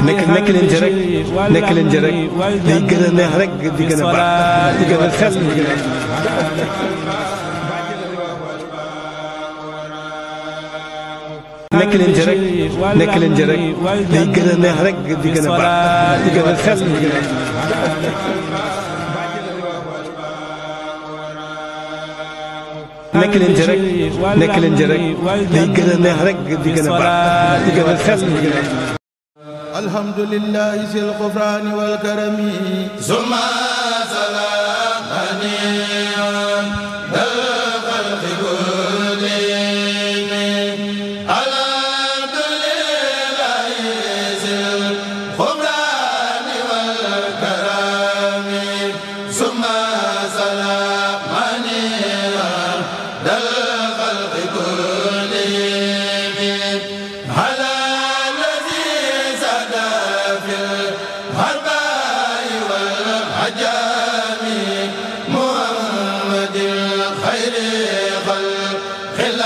نكل انجرك نكل انجرك دي كده نهرك دي كده بقى دي كده الخلف نكل انجرك نكل انجرك دي كده نهرك دي كده بقى دي كده الخلف نكل انجرك نكل انجرك دي كده نهرك دي كده بقى دي كده alhamdulillahi zil ghufrani wal karami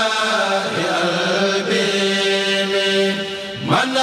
بقلبي من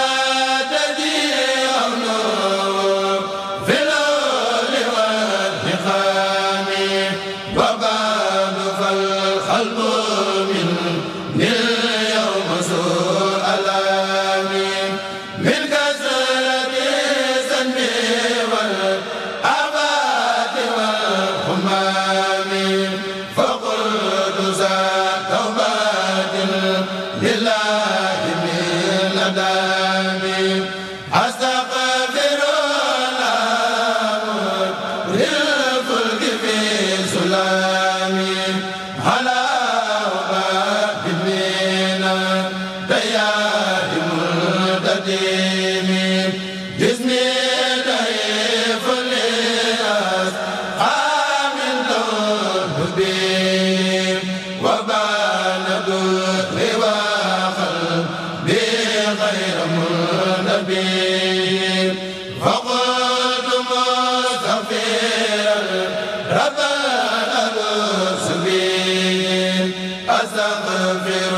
أستغفر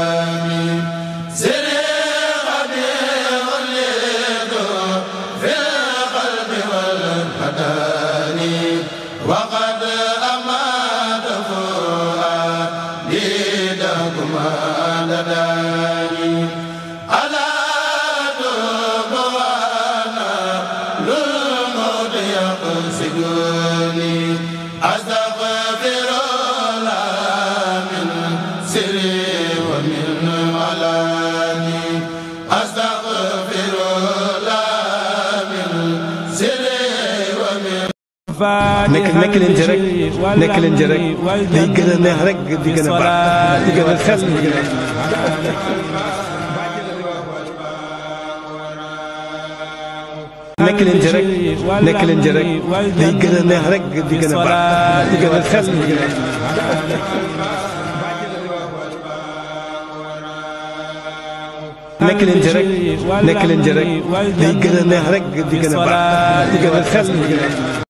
يمسكني أستغفر الله من سري ومن علاني أستغفر الله من سري ومن nekk nekk leen ci rek nekk leen ci rek day gën a neex rek di gën a baax di gën a xel di gën a نكلن جرك نكلن جرك ديكنا نهرك ديكنا بعد ديكنا الخسم نكلن جرك نكلن جرك ديكنا نهرك ديكنا بعد ديكنا الخسم